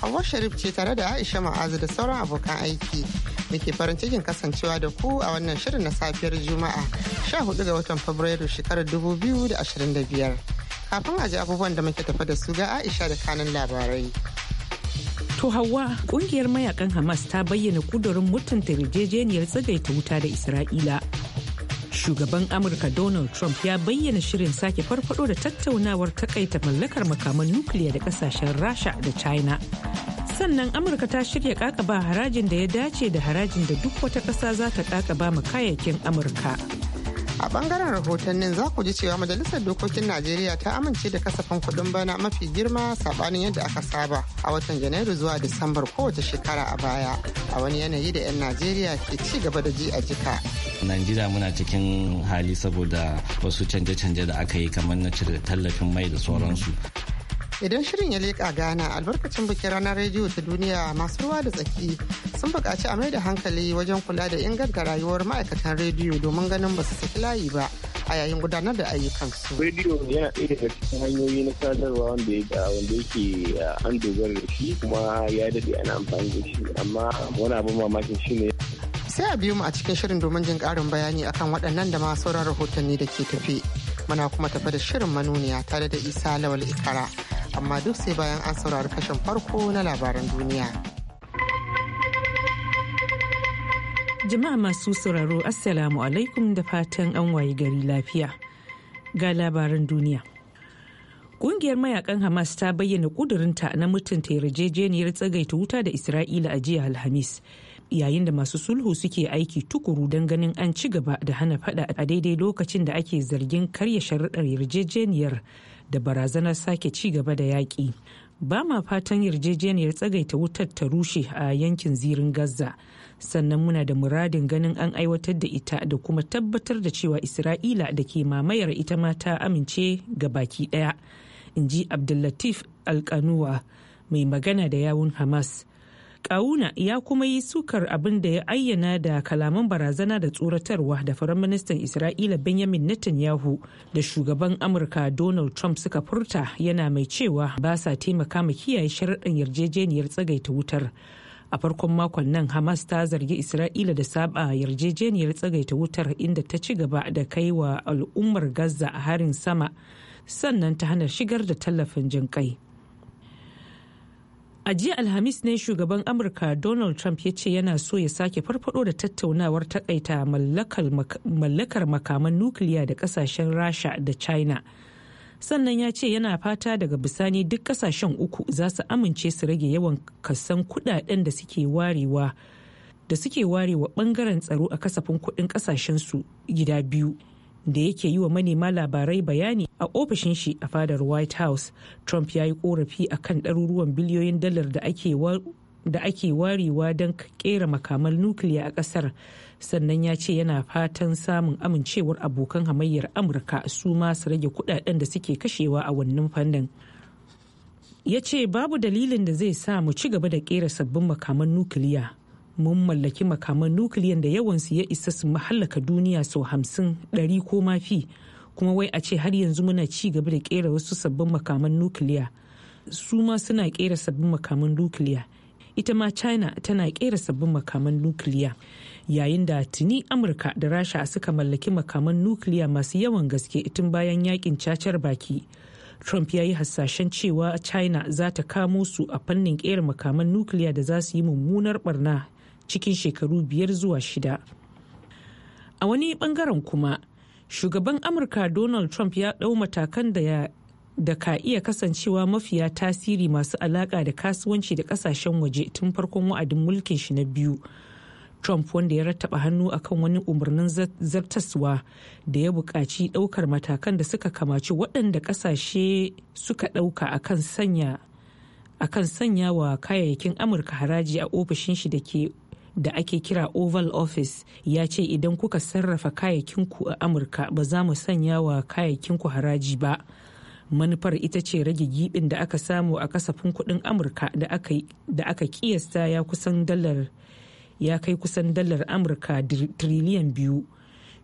Hauwa Sharif ce tare da Aisha Ma'azu da sauran abokan aiki. Muke farin cikin kasancewa da ku a wannan shirin na safiyar Juma'a 14 ga watan Fabrairu shekarar 2025. Kafin a ji abubuwan da muke tafa da su ga Aisha da kanin labarai. To Hauwa, kungiyar mayakan Hamas ta bayyana kudurin mutunta yarjejeniyar tsagaita wuta da Isra'ila. shugaban amurka donald trump ya bayyana shirin sake farfado da tattaunawar takaita mallakar makaman nukiliya da kasashen rasha da china sannan amurka ta shirya kakaba harajin da ya dace da harajin da duk wata kasa za ta kakaba ma kayayyakin amurka a bangaren rahotannin za ku ji cewa majalisar dokokin najeriya ta amince da kasafin kuɗin bana mafi girma saɓanin yadda aka saba a watan janairu zuwa disambar kowace shekara a baya a wani yanayi da 'yan najeriya ke ci gaba da ji a jika najeriya muna cikin hali saboda wasu canje-canje da aka yi kamar na cire tallafin mai da sauransu idan shirin ya leƙa gana albarkacin bikin ranar rediyo ta duniya masu ruwa da tsaki sun buƙaci a mai da hankali wajen kula da inganta rayuwar ma'aikatan rediyo domin ganin ba su saki layi ba a yayin gudanar da ayyukansu. rediyo yana ɗaya daga cikin hanyoyi na sadarwa wanda yake an dogara da shi kuma ya daɗe ana amfani da shi amma wani abin mamakin shi ne sai a biyu mu a cikin shirin domin jin ƙarin bayani akan waɗannan da ma sauran rahotanni da ke tafe muna kuma tafi da shirin manuniya tare da isa lawal ikara amma duk sai bayan an saurari kashin farko na labaran duniya. Jama'a masu sauraro Assalamu alaikum da fatan an waye gari lafiya. Ga labaran duniya. ƙungiyar mayakan Hamas ta bayyana ƙudurinta na mutunta yarjejeniyar tsagaita wuta da Isra'ila a jiya Alhamis. yayin da masu sulhu suke aiki tukuru don ganin an ci gaba da hana fada a daidai lokacin da ake zargin karya sharaɗar yarjejeniyar da barazanar sake ci gaba da yaƙi ba ma fatan yarjejeniyar tsagaita wutar ta rushe a yankin zirin gaza sannan muna da muradin ganin an aiwatar da ita da kuma tabbatar da cewa isra'ila da ke mamayar ita mata amince ga baki ɗaya in ji abdullatif alkanuwa mai magana da yawun hamas Kauna ya kuma yi sukar abin da ya ayyana da kalaman barazana da tsoratarwa da Firaministan Isra'ila Benjamin Netanyahu da shugaban Amurka Donald Trump suka furta yana mai cewa ba sa taimaka ma kiyaye sharaɗin yarjejeniyar tsagaita wutar. a farkon makon nan hamas ta zargi isra'ila da saba yarjejeniyar tsagaita wutar inda ta ci gaba da kai wa al'ummar gaza a harin sama sannan ta hana shigar da tallafin kai. a jiya alhamis ne shugaban amurka donald trump ya ce yana so ya sake farfado da tattaunawar takaita mallakar makaman nukiliya da kasashen rasha da china sannan ya ce yana fata daga bisani duk kasashen uku za su amince su rage yawan kasan kudaden da suke warewa da suke warewa bangaren tsaro a kasafin kudin kasashensu gida biyu da yake yi wa manema labarai bayani a ofishin shi a fadar white house trump ya yi korafi a kan ɗaruruwan biliyoyin dalar da ake warewa don kera makaman nukiliya a ƙasar sannan ya ce yana fatan samun amincewar abokan hamayyar amurka su masu su rage kudaden da suke kashewa a wannan fannin ya ce babu dalilin da zai sa mu ci gaba da kera sabbin makaman nukiliya mun mallaki makaman nukiliyan da yawan su ya isa su mahallaka duniya sau hamsin ɗari ko mafi kuma wai a ce har yanzu muna ci gaba da kera wasu sabbin makaman nukiliya su ma suna kera sabbin makaman nukiliya ita ma china tana kera sabbin makaman nukiliya yayin da tuni amurka da rasha suka mallaki makaman nukiliya masu yawan gaske tun bayan yakin cacar baki trump ya yi hasashen cewa china za ta kamo su a fannin kera makaman nukiliya da za su yi mummunar barna cikin shekaru biyar zuwa shida. A wani bangaren kuma, shugaban Amurka Donald Trump ya ɗau matakan da ya da ka iya kasancewa mafiya tasiri masu alaƙa da kasuwanci da ƙasashen waje tun farkon wa'adin mulkin shi na biyu. Trump wanda ya rattaba hannu akan wani umarnin zartaswa da ya buƙaci ɗaukar matakan da suka kamaci waɗanda ƙasashe suka ɗauka akan sanya akan sanya wa kayayyakin Amurka haraji a ofishin shi da ke da ake kira oval office ya ce idan kuka sarrafa kayakinku a amurka ba za mu sanya wa kayakinku haraji ba manufar ita ce rage gibin da aka samu a kasafin kudin amurka da aka kiyasta ya kusan dalar ya kai kusan dalar amurka triliyan biyu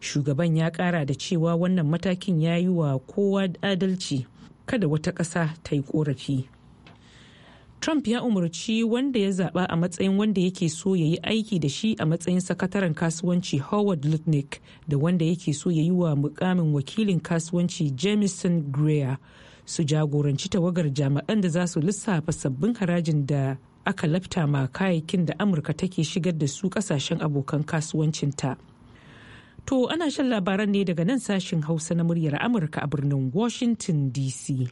shugaban ya kara da cewa wannan matakin ya yi wa kowa adalci kada wata ƙasa ta yi ƙorafi. Trump ya umarci wanda ya zaba a matsayin wanda yake so ya yi aiki da shi a matsayin sakataren kasuwanci Howard Lutnick da wanda yake so ya yi wa mukamin wakilin kasuwanci Jameson Greer su jagoranci tawagar jami'an da za su lissafa sabbin harajin da aka lafta ma kayayyakin da Amurka take shigar da su kasashen abokan kasuwancinta. To ana shan labaran ne daga nan sashin Hausa na muryar Amurka a birnin Washington DC.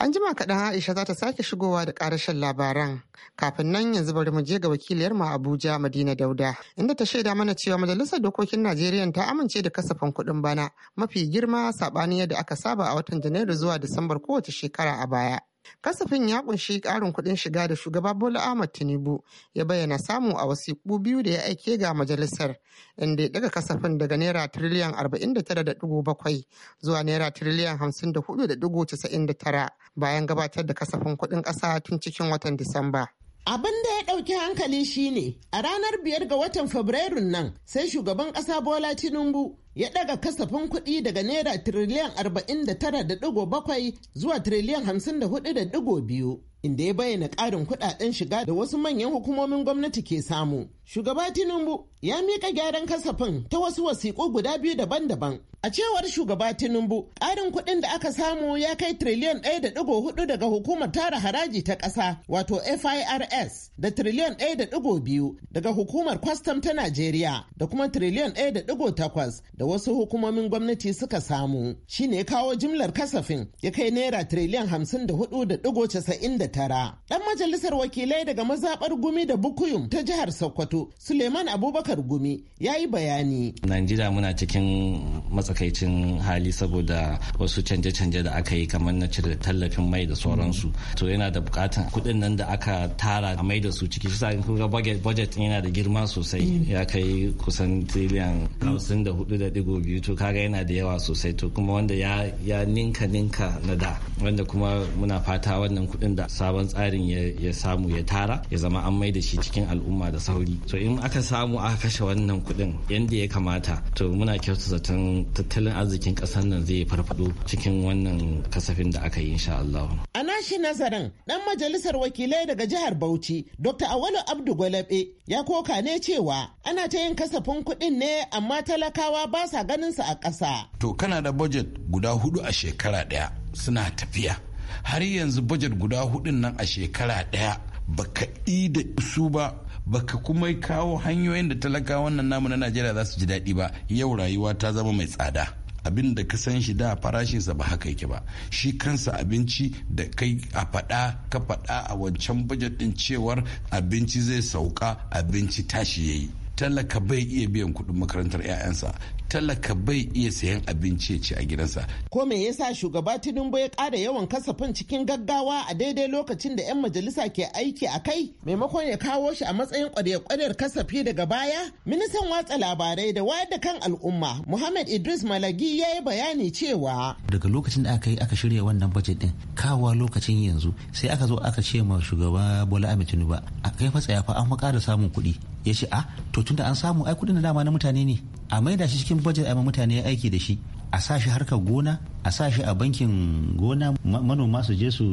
An jima kaɗan Aisha za ta sake shigowa da ƙarashin labaran. Kafin nan yanzu bari mu je ga wakiliyar mu Abuja Madina Dauda inda ta shaida mana cewa Majalisar Dokokin Najeriya ta amince da kasafin kuɗin bana mafi girma saɓani yadda aka saba a watan Janairu zuwa Disambar kowace shekara a baya. kasafin ya kunshi karin kuɗin shiga da shugaba bola ahmad tinubu ya bayyana samu a wasiƙu biyu da ya aike ga majalisar inda ya daga kasafin daga naira tiriliyan 49.7 zuwa naira tiriliyan 54.99 bayan gabatar da kasafin kuɗin ƙasa tun cikin watan disamba Abin da ya ɗauki hankali shine a ranar biyar ga watan Fabrairun nan sai shugaban ƙasa Bola Tinubu ya ɗaga kasafin kuɗi daga naira tiriliyan 49.7 zuwa tiriliyan 54.2 inda ya bayyana ƙarin kuɗaɗen shiga da wasu manyan hukumomin gwamnati ke samu. Shugaba Tinubu ya mika gyaran kasafin ta wasu wasiƙu guda biyu daban-daban. A cewar shugaba Tinubu, ƙarin kuɗin da aka samu ya kai triliyan ɗaya da ɗigo hudu daga hukumar tara haraji ta ƙasa wato FIRS da triliyan ɗaya da ɗigo biyu daga hukumar kwastam ta Najeriya da kuma triliyan ɗaya da ɗigo takwas da wasu hukumomin gwamnati suka samu. Shi ne kawo jimlar kasafin ya kai naira triliyan hamsin da hudu da ɗigo casa'in da tara. Ɗan majalisar wakilai daga mazaɓar Gumi da Bukuyum ta jihar Sokoto, Suleiman Abubakar Gumi ya yi bayani. Najeriya muna cikin matsakaicin hali saboda wasu canje-canje da aka yi kamar na cire tallafin mai da sauransu. To yana da bukatan kuɗin nan da aka tara a mai da su ciki shi sa kuka budget yana da girma sosai ya kai kusan tiliyan hamsin da hudu da digo biyu to kaga yana da yawa sosai to kuma wanda ya ninka ninka na da wanda kuma muna fata wannan kuɗin da sabon tsarin ya samu ya tara ya zama an mai da shi cikin al'umma da sauri to in aka samu aka kashe wannan kuɗin yadda ya kamata to muna kyautu zaton tattalin arzikin ƙasar nan zai farfado cikin wannan kasafin da aka yi insha Allah. A nashi nazarin ɗan majalisar wakilai daga jihar Bauchi Dr. Awalu Abdu Gwalabe ya koka ne cewa ana ta yin kasafin kuɗin ne amma talakawa ba sa ganin su a ƙasa. To kana da budget guda hudu a shekara ɗaya suna tafiya har yanzu bajet guda hudun nan a shekara daya baka da su ba baka kuma kawo hanyoyin da talaka wannan namu na najeriya za su ji daɗi ba yau rayuwa ta zama mai tsada abin da ka san shi da farashinsa ba haka yake ba shi kansa abinci da kai a faɗa ka faɗa a wancan bajet din cewar abinci zai sauka abinci tashi yayi talaka bai iya biyan kuɗin makarantar 'ya'yansa talaka bai iya sayan abinci ya ci a gidansa. Ko me yasa shugaba Tinubu ya ƙara yawan kasafin cikin gaggawa a daidai lokacin da 'yan majalisa ke aiki a kai maimakon ya kawo shi a matsayin ƙwarya kasafi daga baya? Ministan watsa labarai da wayar da kan al'umma Muhammad Idris Malagi ya yi bayani cewa. Daga lokacin da aka yi aka shirya wannan bajet din kawowa lokacin yanzu sai aka zo aka ce ma shugaba Bola Ahmed Tinubu a kai fa fa an fa ƙara samun kuɗi ya ce a ah, to tunda an samu ai kudin dama na mutane ne a maida shi cikin budget a mutane aiki da shi a sa shi harkar gona a sa shi a bankin gona manoma su je su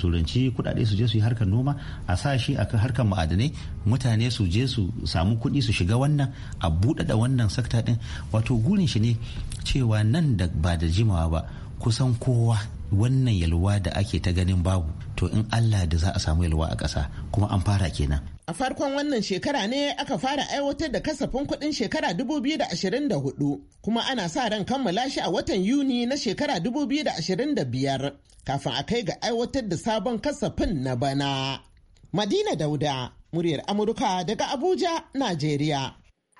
suranci kudade su je su yi harkar noma a sa shi a harkar ma'adanai mutane su je su samu kudi su shiga wannan a buɗaɗa wannan sakta din wato gurin shi ne cewa nan da ba da jimawa ba kusan kowa wannan yalwa da ake ta ganin babu to in allah da za a samu yalwa a ƙasa kuma an fara kenan A farkon wannan shekara ne aka fara aiwatar da kasafin kuɗin shekara 2024 kuma ana sa ran kammala shi a watan Yuni na shekara 2025 kafin a kai ga aiwatar da sabon kasafin na bana. Madina Dauda, muryar Amurka daga Abuja, Najeriya.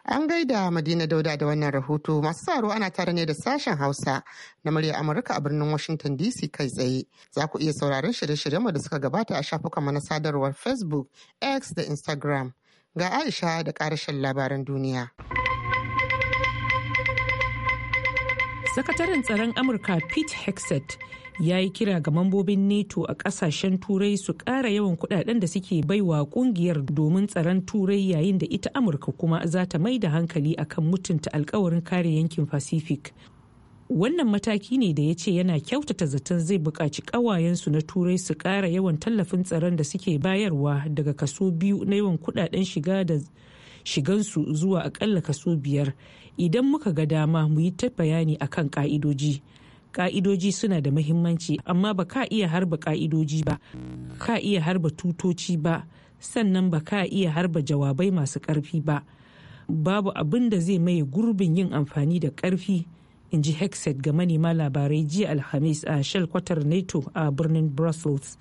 An gaida Madina Dauda da wannan rahoto masu tsaro ana tare ne da sashen Hausa na murya Amurka a birnin Washington DC kai tsaye. Za ku iya sauraron shirye-shiryenmu da suka gabata a shafukan na sadarwar Facebook, X da Instagram. Ga Aisha da ƙarashin labaran duniya. Sakataren tsaron Amurka Pete Hexet ya yi kira ga mambobin neto a kasashen turai su kara yawan kudaden da suke baiwa kungiyar domin tsaron turai yayin da ita amurka kuma za ta mai da hankali akan mutunta alkawarin kare yankin pacific wannan mataki ne da ya ce yana kyautata zaton zai buƙaci ƙawayensu na turai su ƙara yawan tallafin tsaron da suke bayarwa daga kaso biyu na yawan kudaden shiga da shigansu zuwa aƙalla kaso biyar idan muka ga dama mu yi ta bayani akan ƙa'idoji ka'idoji ka'idoji suna da mahimmanci amma ba ka iya harba ka'idoji ba ka iya harba tutoci ba sannan ba ka iya harba jawabai masu ƙarfi ba babu abin da zai maye gurbin yin amfani da ƙarfi in ji hexet ga manema labarai jiya alhamis a kwatar nato a birnin brussels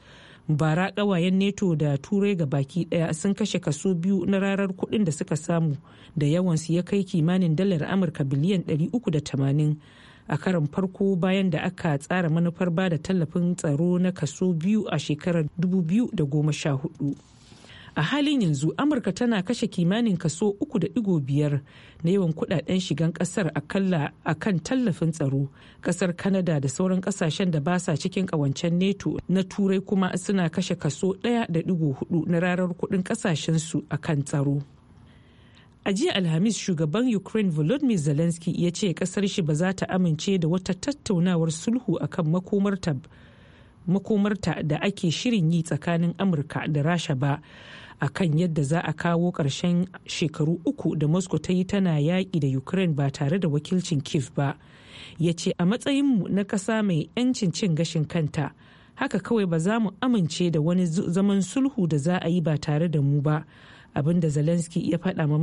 bara ƙawayen neto da turai ga baki ɗaya sun kashe kaso biyu na rarar kudin da suka samu da yawansu ya kai kimanin dalar amurka biliyan 380 a karin farko bayan da aka tsara manufar ba da tallafin tsaro na kaso biyu a shekarar 2014 a halin yanzu amurka tana kashe kimanin kaso 3.5 na yawan kudaden shigan kasar akalla a kan tallafin tsaro kasar kanada da sauran kasashen da ba sa cikin kawancen neto na turai kuma suna kashe kaso 1.4 na rarar kudin kasashensu a kan tsaro a jiya alhamis shugaban ukraine volodymyr zelensky ya ce kasar shi ba za ta amince da wata tattaunawar sulhu akan makomarta makomarta da ake shirin yi tsakanin amurka da rasha ba a kan yadda za a kawo ƙarshen shekaru uku da moscow ta yi tana yaƙi da ukraine ba tare da wakilcin kiev ba ya ce a matsayinmu na ƙasa mai 'yancin cin gashin kanta haka kawai ba za mu amince da wani zaman sulhu da za a yi ba tare da mu ba abin da zelensky ya faɗa ma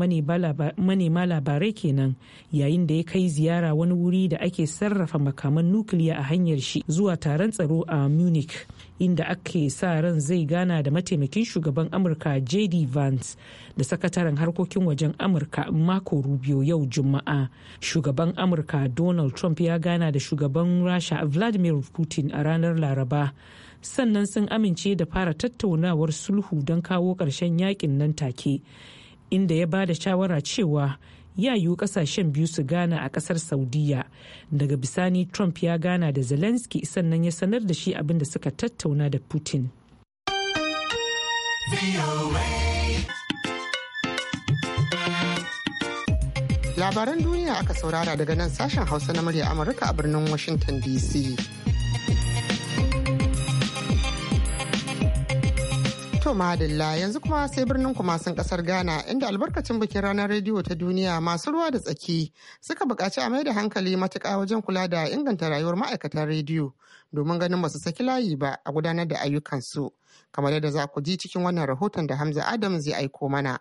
manema labarai kenan yayin da ya kai ziyara wani wuri da ake sarrafa makaman nukiliya a hanyar shi zuwa taron tsaro a munich inda ake sa ran zai gana da mataimakin shugaban amurka jd vance da sakataren harkokin wajen amurka mako rubio yau juma'a shugaban amurka donald trump ya gana da shugaban rasha vladimir putin a ranar laraba sannan sun amince da fara tattaunawar sulhu don kawo ƙarshen yakin nan take inda ya ba da shawara cewa ya yiwu kasashen biyu su gana a kasar saudiya daga bisani trump ya gana da zelensky sannan ya sanar da shi abin da suka tattauna da putin labaran duniya aka saurara daga nan sashen hausa na murya amurka a birnin washington dc To madalla yanzu kuma sai birnin kumasin kasar Ghana inda albarkacin bikin ranar rediyo ta duniya masu ruwa da tsaki suka buƙaci a mai da hankali matuƙa wajen kula da inganta rayuwar ma'aikatan rediyo domin ganin ba su saki layi ba a gudanar da ayyukansu kamar yadda za ku ji cikin wannan rahoton da Hamza Adam zai aiko mana.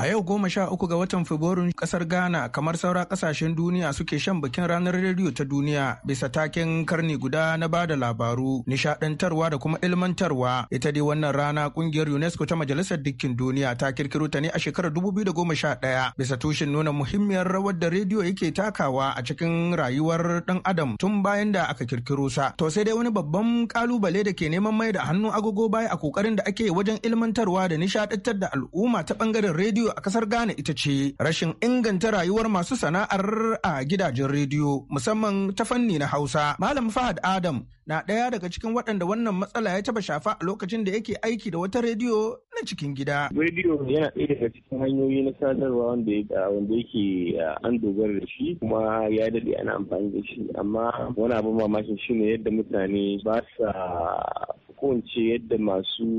A yau goma sha uku ga watan fabrairu kasar Ghana kamar saura kasashen duniya suke shan bikin ranar rediyo ta duniya bisa taken karni guda na bada labaru, nishadantarwa da kuma ilmantarwa. Ita dai wannan rana kungiyar UNESCO ta Majalisar Dukkin Duniya ta kirkiro ta ne a shekarar 2011 bisa tushen nuna muhimmiyar rawar da rediyo yake takawa a cikin rayuwar ɗan adam tun bayan da aka kirkiro sa. To sai dai wani babban kalubale da ke neman mai da hannu agogo baya a kokarin da ake wajen ilmantarwa da nishadantar da al'umma ta bangaren rediyo rediyo a kasar Ghana ita ce rashin inganta rayuwar masu sana'ar a gidajen rediyo musamman ta fanni na Hausa. Malam Fahad Adam na ɗaya daga cikin waɗanda wannan matsala ya taba shafa a lokacin da yake aiki da wata rediyo na cikin gida. Rediyo yana ɗaya daga cikin hanyoyi na sadarwa wanda yake an dogara da shi kuma ya daɗe ana amfani da shi amma wani abin mamakin shi ne yadda mutane ba sa ko yadda masu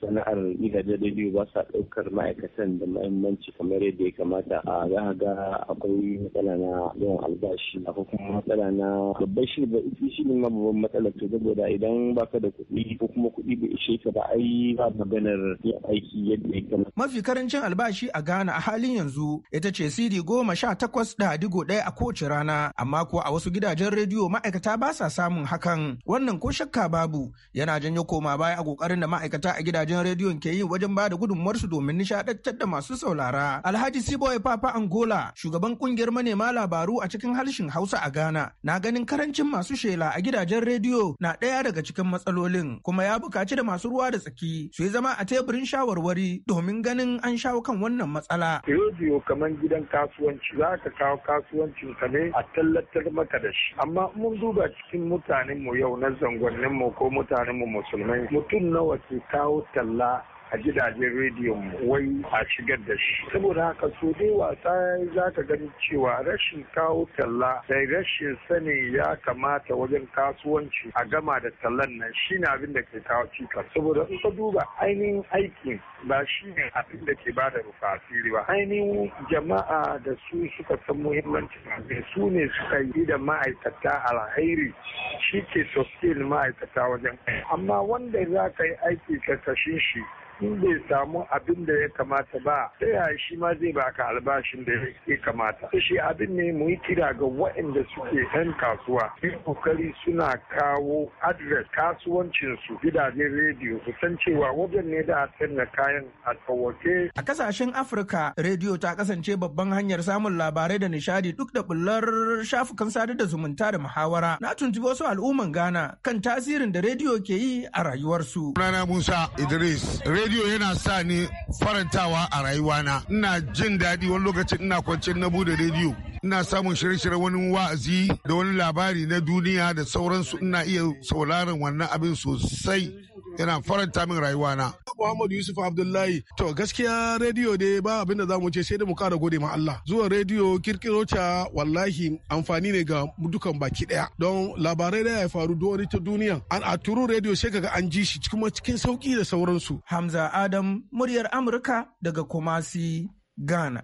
sana'ar da rediyo ba sa ɗaukar ma'aikatan da mahimmanci kamar yadda ya kamata a za ga akwai matsala na yawan albashi ko kuma matsala na babban shi ba ita shi ne ma babban matsala to saboda idan baka da kuɗi ko kuma kuɗi bai ishe ka ba ai ba maganar yin aiki yadda ya kamata. Mafi karancin albashi a Ghana a halin yanzu ita ce CD goma sha takwas da digo ɗaya a kowace rana amma ko a wasu gidajen rediyo ma'aikata ba sa samun hakan wannan ko shakka babu yana janyo koma baya a kokarin da ma'aikata a gidajen rediyon ke yi wajen ba da su domin nishadantar da masu saurara. Alhaji Siboy Papa Angola, shugaban kungiyar manema labaru a cikin harshen Hausa a Ghana, na ganin karancin masu shela a gidajen rediyo na ɗaya daga cikin matsalolin, kuma ya buƙaci da masu ruwa da tsaki su yi zama a teburin shawarwari domin ganin an shawo kan wannan matsala. Rediyo kamar gidan kasuwanci za ka kawo kasuwancin ka ne a tallatar maka da shi. Amma mun duba cikin mutanenmu yau na zangonnin mu ko mutanen mu musulmai mutum nawa ke kawo talla a gidajen rediyon wai a shigar da shi saboda haka so dai wasa za ka gani cewa rashin kawo talla da rashin sani ya kamata wajen kasuwanci a gama da tallan nan shi ne abin da ke kawo cikas saboda in ka duba ainihin aikin ba shi ne abin da ke bada rufa asiri ba ainihin jama'a da su suka san muhimmanci abin su ne suka yi da ma'aikata alhairi shi ke sustain ma'aikata wajen amma wanda za ka yi aiki ka kashe shi in bai samu abin da ya kamata ba ta ya shi ma zai baka albashin da ya kamata shi abin ne mu yi kira ga waɗanda suke yan kasuwa yi kokari suna kawo adres kasuwancinsu gidajen rediyo kusan cewa wajen ne da a na kayan a tsawoke a kasashen afirka rediyo ta kasance babban hanyar samun labarai da nishadi duk da bullar shafukan sadar da zumunta da muhawara na tuntubi wasu al'umman ghana kan tasirin da rediyo ke yi a rayuwarsu. musa idris rediyo yana sa ni farantawa a rayuwana ina jin daɗi wani lokacin ina kwance na bude rediyo ina samun shirye-shiryen wani wa'azi da wani labari na duniya da sauransu ina iya sauraron wannan abin sosai yana faranta min rayuwa na. Muhammadu Yusuf Abdullahi to gaskiya rediyo ne ba abin da za mu ce sai da mu kara gode ma Allah. Zuwa rediyo kirkiro ta wallahi amfani ne ga dukan baki daya don labarai da ya faru dole ta duniya an a turu rediyo sai kaga an ji shi kuma cikin sauki da sauransu. Hamza Adam muryar Amurka daga Kumasi Ghana.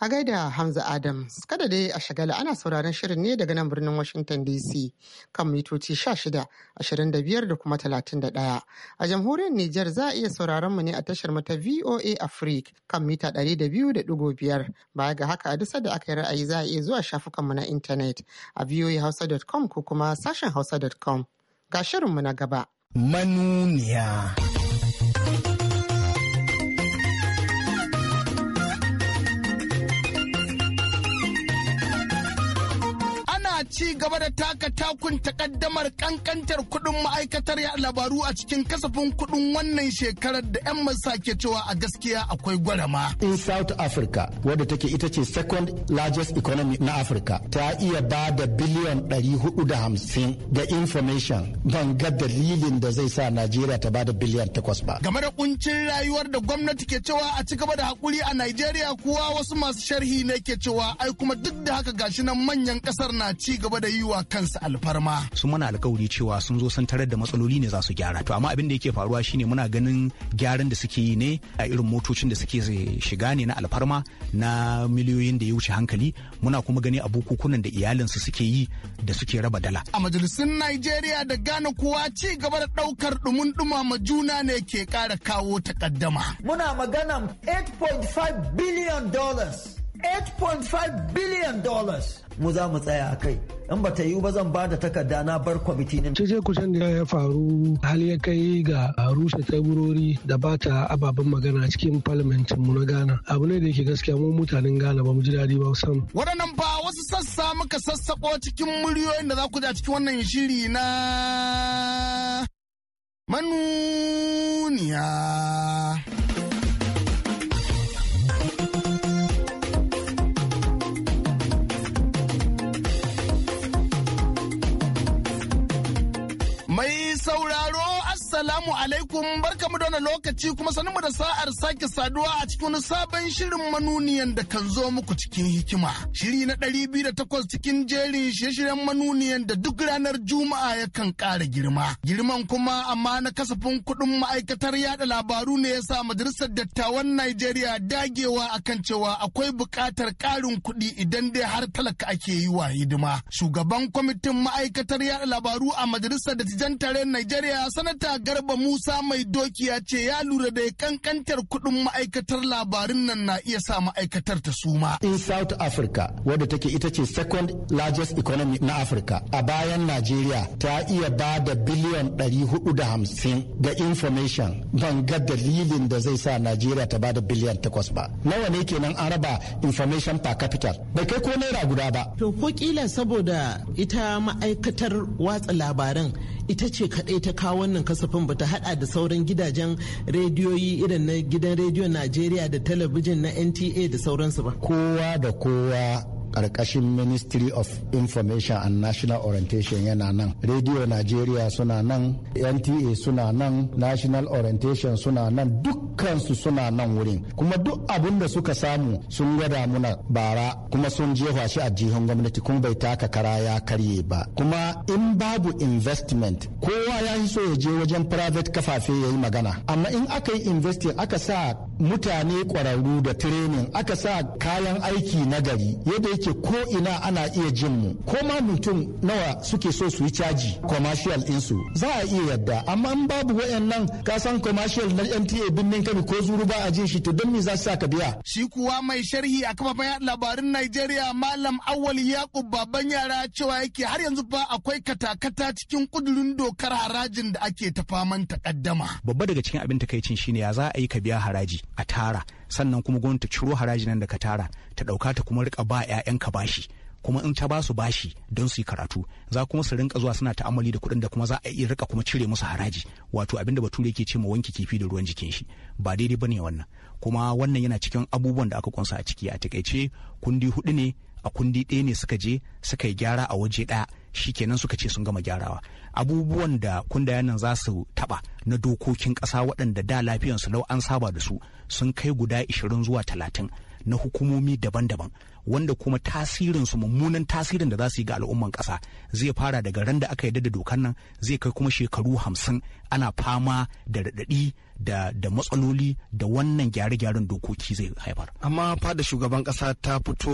A gaida Hamza Adams, kada dai a shagala ana sauraron shirin ne daga nan birnin Washington DC kan mitoci 16, da kuma 31. A jamhuriyar Nijar za a iya sauraron mu ne a tashar mata VOA Africa kan mita 200.5. Baya ga haka a duk da aka yi ra'ayi za a iya zuwa shafukan mu na intanet a voahausa.com ko kuma sashen hausa.com. Ga shirin mu na gaba. Manuniya. ci gaba da taka takun takaddamar kankantar kuɗin ma'aikatar ya labaru a cikin kasafin kuɗin wannan shekarar da 'yan masa ke cewa a gaskiya akwai gwarama. In South Africa wadda take ita ce second largest economy na Africa ta iya ba da biliyan 450 ga information don ga dalilin da zai sa Najeriya ta ba da biliyan 8 ba. Game da kuncin rayuwar da gwamnati ke cewa a ci gaba da hakuri a Najeriya kuwa wasu masu sharhi ne ke cewa ai kuma duk da haka gashi nan manyan kasar na ci gaba da yi wa kansa alfarma. Sun mana alkawari cewa sun zo sun tarar da matsaloli ne za su gyara. To amma abin da yake faruwa shine muna ganin gyaran da suke yi ne a irin motocin da suke shiga ne na alfarma na miliyoyin da ya wuce hankali muna kuma gani a bukukunan da iyalinsu suke yi da suke raba dala. A majalisun Najeriya da Ghana kuwa ci gaba da ɗaukar ɗumin ma juna ne ke ƙara kawo takaddama. Muna maganan 8.5 billion dollars 8.5 billion dollars mu za mu tsaya a kai in ba ta yiwu ba zan ba da takarda na bar kwamiti ne. Cece kusan da ya faru hal ya kai ga rushe taburori da ba ta ababen magana cikin parliamentin mu na Ghana. Abu ne da yake gaskiya mu mutanen Ghana ba mu ji daɗi ba sam. Waɗannan ba wasu sassa muka sassaƙo cikin muryoyin da za ku da cikin wannan shiri na manu alaikum alaikum barkamu da wani lokaci kuma sanin mu da sa'ar sake saduwa a cikin sabon shirin manuniyan da kan zo muku cikin hikima. Shiri na ɗari biyu da takwas cikin jerin shirye-shiryen manuniyan da duk ranar Juma'a ya kan ƙara girma. Girman kuma amma na kasafin kuɗin ma'aikatar yaɗa labaru ne ya sa majalisar dattawan Najeriya dagewa akan cewa akwai buƙatar ƙarin kuɗi idan dai har talaka ake yi wa hidima. Shugaban kwamitin ma'aikatar Yaɗa labaru a majalisar dattijan tarayyar Najeriya sanata Garba Musa mai doki ya ce ya lura da kankantar kuɗin ma'aikatar labarin nan na iya sa ma'aikatar ta suma. In South Africa wadda take ita ce second largest economy na Africa a bayan Najeriya ta iya ba da biliyan 450 ga information ban ga dalilin da zai sa Najeriya ta ba da biliyan 8 ba. Nawa ne kenan an raba information per capita bai kai ko naira guda ba. To ko saboda ita ma'aikatar watsa labaran ita ce kaɗai ta kawo wannan kasafin ba ta haɗa da sauran gidajen rediyoyi irin na gidan rediyon najeriya da talabijin na nta da sauransu ba kowa da kowa ƙarƙashin ministry of information and national orientation yana nan radio nigeria suna nan nta suna nan national orientation suna nan dukkansu suna nan wurin kuma duk abin da suka samu sun gwada muna bara kuma sun jefa shi a jihun gwamnati kun bai taka kara ya karye ba kuma in babu investment kowa ya yi so ya je wajen private kafafe ya yi magana amma in aka yi investing aka sa mutane kwararru da training aka sa kayan aiki na gari yadda yake ko ina ana iya jin mu ko ma mutum nawa suke so su yi caji commercial ɗinsu za a iya yadda amma in babu wayannan ka san commercial na NTA birnin kabi ko zuru ba a jin shi to don me za su sa ka biya shi kuwa mai sharhi a kafafen yaɗa labarun Najeriya malam Awwal Yakub baban yara cewa yake har yanzu ba akwai katakata cikin kudurin dokar harajin da ake ta faman babba daga cikin abin takaicin shine ya za a yi ka biya haraji a tara sannan kuma gwamnati ciro haraji nan da ka tara ta ɗauka ta kuma rika ba 'ya'yanka bashi kuma in ta basu bashi don su yi karatu za kuma su rinka zuwa suna ta'amali da kuɗin da kuma za a iya rika kuma cire musu haraji wato abinda bature yake ce ma wanki kifi da ruwan jikin shi ba daidai bane wannan kuma wannan yana cikin abubuwan da aka kunsa a ciki a takaice kundi hudu ne a kundi ɗaya ne suka je suka yi gyara a waje ɗaya shi kenan suka ce sun gama gyarawa abubuwan da kundayen nan za su taba na dokokin ƙasa waɗanda da lafiyansu lau an saba da su sun kai guda 20 zuwa 30 na hukumomi daban-daban wanda kuma tasirin su mummunan tasirin da za su yi ga al'umman kasa zai fara daga ran da aka yarda da dokar nan zai kai kuma shekaru hamsin ana fama da raɗaɗi da, matsaloli da wannan gyare-gyaren dokoki zai haifar. Amma fada shugaban kasa ta fito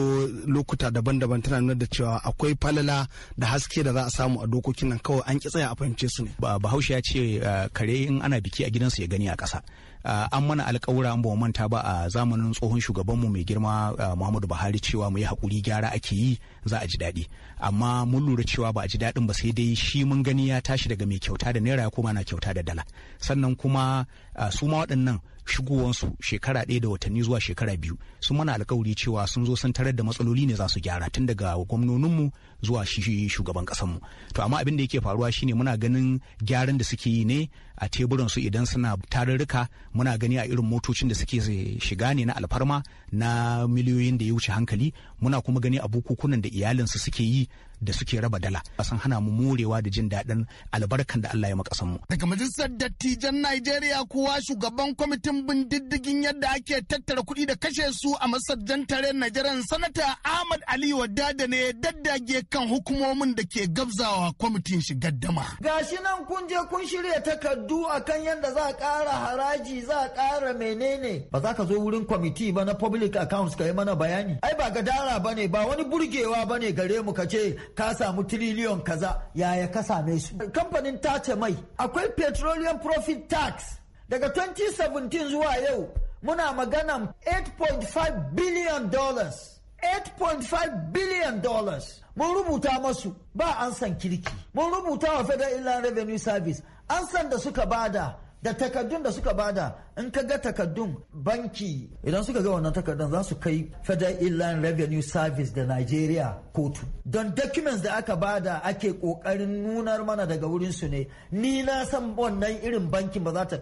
lokuta daban-daban tana nuna da cewa akwai falala da haske da za a samu a dokokin nan kawai an ki tsaya a fahimce su ne. Bahaushe ya ce eh, kare in ana biki a gidansu ya gani a kasa Uh, an mana alƙawura an ba manta ba a zamanin tsohon shugabanmu mai girma uh, Muhammadu Buhari cewa mu yi hakuri gyara ake yi za a ji daɗi amma mun lura cewa ba a ji daɗin ba sai dai shi mun gani ya tashi daga mai kyauta da naira ya koma na kyauta da dala sannan kuma uh, su ma waɗannan shigowansu shekara ɗaya da watanni zuwa shekara biyu sun mana alkawari cewa sun zo sun tarar da matsaloli ne za su gyara tun daga gwamnoninmu zuwa shi shugaban ƙasanmu to amma abin da yake faruwa shine muna ganin gyaran da suke yi ne a teburan su idan suna tarurruka muna gani a irin motocin da suke shiga ne na alfarma na miliyoyin da ya wuce hankali muna kuma gani a bukukunan da iyalinsu suke yi da suke raba dala san hana mu morewa da jin daɗin albarkan da Allah ya maka mu. Daga majalisar dattijan Najeriya kuwa shugaban kwamitin bin diddigin yadda ake tattara kuɗi da kashe su a masarjan tare Najeriya sanata Ahmad Ali Wadada ne ya daddage kan hukumomin da ke gabzawa kwamitin shigar dama. Gashi nan kun je kun shirya takardu akan yadda za a ƙara haraji za a ƙara menene ba za ka zo wurin kwamiti ba na public accounts ka yi mana bayani. Ai ba gadara ba ne ba wani burgewa ba ne gare mu ka ce ka samu tiriliyon kaza yaya ka same su kamfanin tace mai akwai petroleum profit tax daga 2017 zuwa yau muna maganan 8.5 billion dollars 8.5 billion dollars mun rubuta masu ba an san kirki mun rubuta wa federal inland revenue service an san da suka bada da takaddun da suka bada in ka ga takaddun banki idan suka ga wannan takaddun za su kai federal inland revenue service da nigeria kotu don documents da aka bada ake kokarin nunar mana daga wurin su ne ni na san wannan irin bankin ba za ta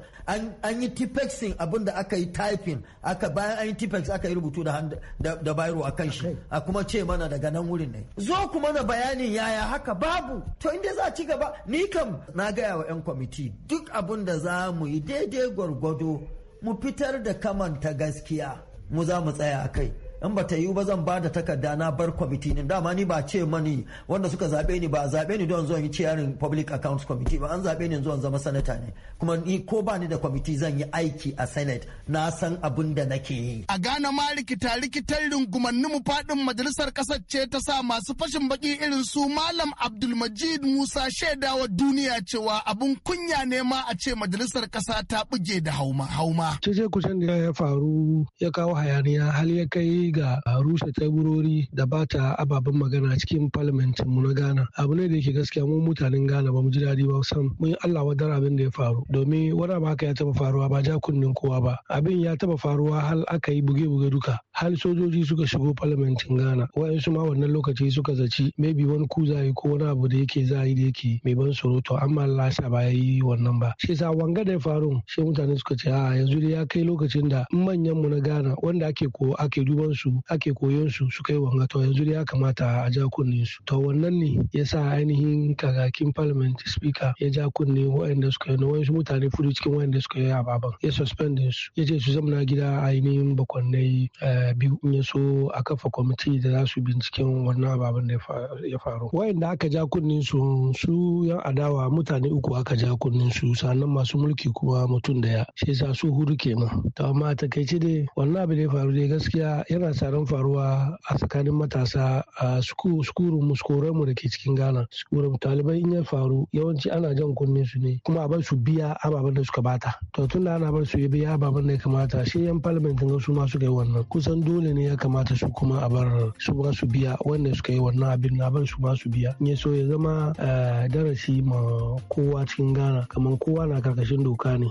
an yi tipexin abin da aka yi typing aka bayan an yi tipex aka yi rubutu da da bayro a kan shi a kuma ce mana daga nan wurin ne zo kuma na bayanin yaya haka babu to inda za a ci gaba ni kam na gaya wa yan kwamiti duk abin da za mu yi daidai gwargwado mu fitar da kamanta gaskiya mu za mu tsaya a kai in ba ta yiwu ba zan ba da takarda na bar kwamiti ne dama ni ba ce mani wanda suka zaɓe ni ba zaɓe ni don zuwa yi ciyarin public accounts committee ba an zaɓe ni zuwa zama sanata ne kuma ni ko ba ni da kwamiti zan yi aiki a senate na san abin da nake yi. a gana ma rikita rikitar rungumanni mu faɗin majalisar kasar ce ta sa masu fashin baki irin su malam abdulmajid musa shaidawa duniya cewa abun kunya ne ma a ce majalisar ƙasa ta buge da hauma hauma. ce ce kusan da ya faru ya kawo hayaniya hal ya kai matsayi ga rushe taburori da ba ta ababen magana cikin parliamentin mu na Ghana. Abu ne da yake gaskiya mu mutanen Ghana ba mu ji daɗi ba san mun Allah wadar abin da ya faru. Domin wani abu haka ya taba faruwa ba ja kunnen kowa ba. Abin ya taba faruwa hal aka yi buge-buge duka. Hal sojoji suka shigo parliamentin Ghana. Wa'yansu ma wannan lokaci suka zaci maybe wani ku zai ko wani abu da yake zai yi da yake mai ban surutu amma Allah sa ba ya yi wannan ba. Shi sa wanga da ya faru shi mutane suka ce a yanzu dai ya kai lokacin da manyan mu na Ghana wanda ake ko ake duban su ake koyon su su kai wanga to yanzu ya kamata a ja kunnen su to wannan ne yasa ainihin kakakin parliament speaker ya ja kunne wa'anda suka yi wasu mutane fudu cikin wa'anda suka yi ababan ya suspend su ya ce su zamana gida ainihin bakwannai eh, biyu in ya a kafa kwamiti da za su binciken wannan ababen da ya faru wa'anda aka ja kunnen su su yan adawa mutane uku aka ja kunnen su sannan masu mulki kuma mutum daya shi yasa su hudu kenan to amma takaice dai wannan abu da ya faru dai gaskiya yana muna tsaron faruwa a tsakanin matasa a sukurun mu da ke cikin ghana sukurun talibai in ya faru yawanci ana jan kunne su ne kuma a bar su biya ababen da suka bata to tun da ana bar su ya biya ababen da ya kamata shi yan parliament ga su ma suka yi wannan kusan dole ne ya kamata su kuma a bar su ba su biya wanda suka yi wannan abin na bar su ma su biya in ya so ya zama eh, darasi ma kowa cikin gana kamar kowa na karkashin doka ne.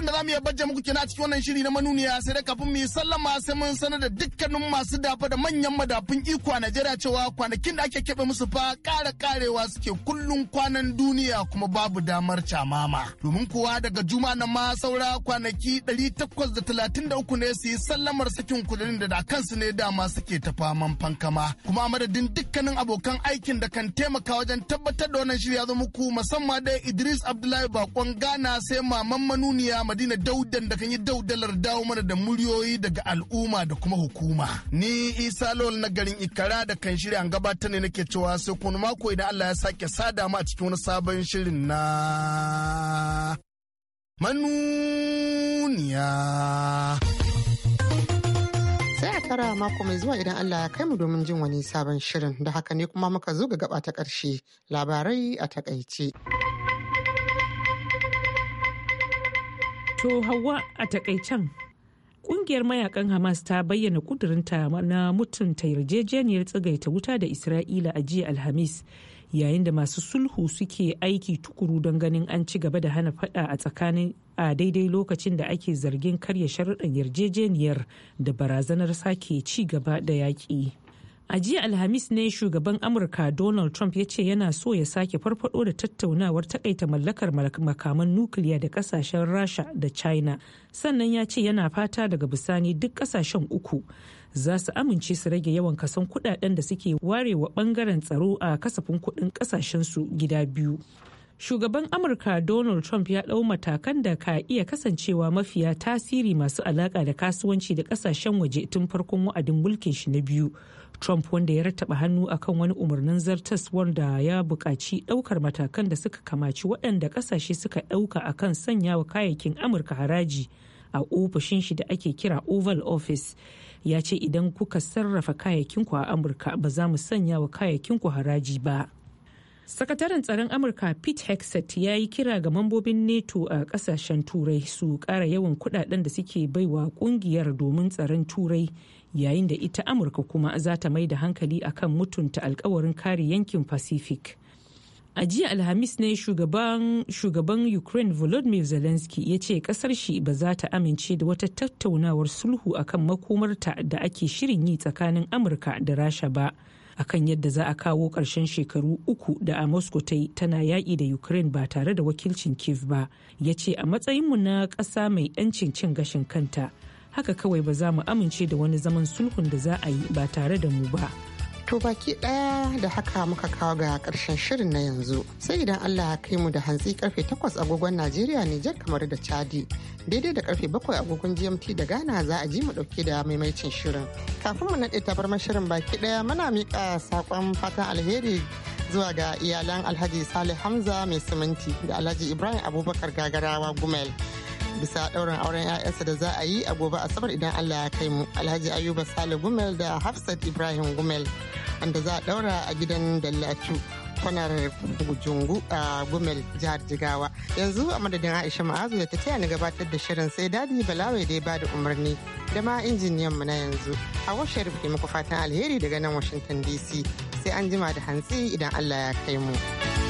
abubuwan da za mu iya bajje muku kina cikin wannan shiri na manuniya sai da kafin mu yi sallama sai mun sanar da dukkanin masu dafa da manyan madafun iko a Najeriya cewa kwanakin da ake keɓe musu fa ƙara ƙarewa suke kullum kwanan duniya kuma babu damar camama. Domin kuwa daga juma na ma saura kwanaki 833 ne su yi sallamar sakin kudin da da kansu ne dama suke ta faman fankama. Kuma madadin dukkanin abokan aikin da kan taimaka wajen tabbatar da wannan shiri ya zo muku musamman da Idris Abdullahi Bakon Ghana sai maman manuniya madina daudan da kan yi daudalar dawo mana da muryoyi daga al'umma da kuma hukuma ni isa lawal na garin ikara da kan shirya an gabatar ne nake cewa sai kuma mako idan allah ya sake sada mu a cikin wani sabon shirin na manuniya sai a tara mako mai zuwa idan Allah ya kai mu domin jin wani sabon shirin da haka ne kuma muka zo ga gaba ta karshe labarai a takaice. To Hauwa a takaicen kungiyar mayakan Hamas ta bayyana kudurinta na mutunta yarjejeniyar tsagaita wuta da Isra'ila a jiya Alhamis yayin da masu sulhu suke aiki tukuru don ganin an ci gaba da hana fada a tsakanin a daidai lokacin da ake zargin karya sharuɗan yarjejeniyar da barazanar sake ci gaba da yaƙi. a jiya alhamis ne shugaban amurka donald trump ya ce yana so ya sake farfado da tattaunawar takaita mallakar makaman nukiliya da kasashen rasha da china sannan ya ce yana fata daga bisani duk kasashen uku za su amince su rage yawan kasan kudaden da suke warewa bangaren tsaro a kasafin kudin su gida biyu shugaban amurka donald trump ya ɗau matakan da ka iya kasancewa mafiya tasiri masu alaƙa da kasuwanci da ƙasashen waje tun farkon wa'adin mulkin shi na biyu Trump wanda ya rattaba hannu akan wani umarnin zartas wanda ya buƙaci ɗaukar matakan da suka kamaci waɗanda ƙasashe suka ɗauka akan sanyawa kayayyakin Amurka haraji a ofishin shi da ake kira Oval Office ya ce idan kuka sarrafa kayayyakinku a Amurka ba za mu sanya wa ku haraji ba. Sakataren tsaron Amurka Pete Hexet ya yi kira ga mambobin NATO a kasashen Turai su ƙara yawan kudaden da suke baiwa kungiyar domin tsaron Turai yayin da ita amurka kuma za ta mai da hankali akan mutunta alkawarin kare yankin pacific a jiya alhamis ne shugaban ukraine volodymyr zelensky ya ce kasar shi ba za ta amince da wata tattaunawar sulhu akan makomarta da ake shirin yi tsakanin amurka da rasha ba akan yadda za a kawo ƙarshen shekaru uku da a moscow ta yi tana yaƙi da ukraine ba tare da wakilcin kiev ba ya ce a matsayinmu na ƙasa mai 'yancin cin gashin kanta haka kawai ba za mu amince da wani zaman sulhun da za a yi ba tare da mu ba. To baki ɗaya da haka muka kawo ga ƙarshen shirin na yanzu sai idan Allah ya kai mu da hantsi karfe 8 agogon Najeriya Nijar kamar da Chadi daidai da karfe 7 agogon GMT da Ghana za a ji mu ɗauke da maimaicin shirin. Kafin mu naɗe tabarmar shirin baki ɗaya muna miƙa saƙon fatan alheri zuwa ga iyalan Alhaji Salih Hamza mai siminti da Alhaji Ibrahim Abubakar Gagarawa Gumel. bisa ɗaurin auren 'ya'yansa da za a yi a gobe asabar idan Allah ya kai mu alhaji ayuba sale gumel da hafsat ibrahim gumel wanda za a ɗaura a gidan dallatu kwanar jungu a gumel jihar jigawa yanzu a madadin aisha ma'azu da ta taya ni gabatar da shirin sai dadi balawai da ya bada umarni da ma injiniyan mu na yanzu a washe rufe muku fatan alheri daga nan washington dc sai an jima da hantsi idan allah ya kai mu.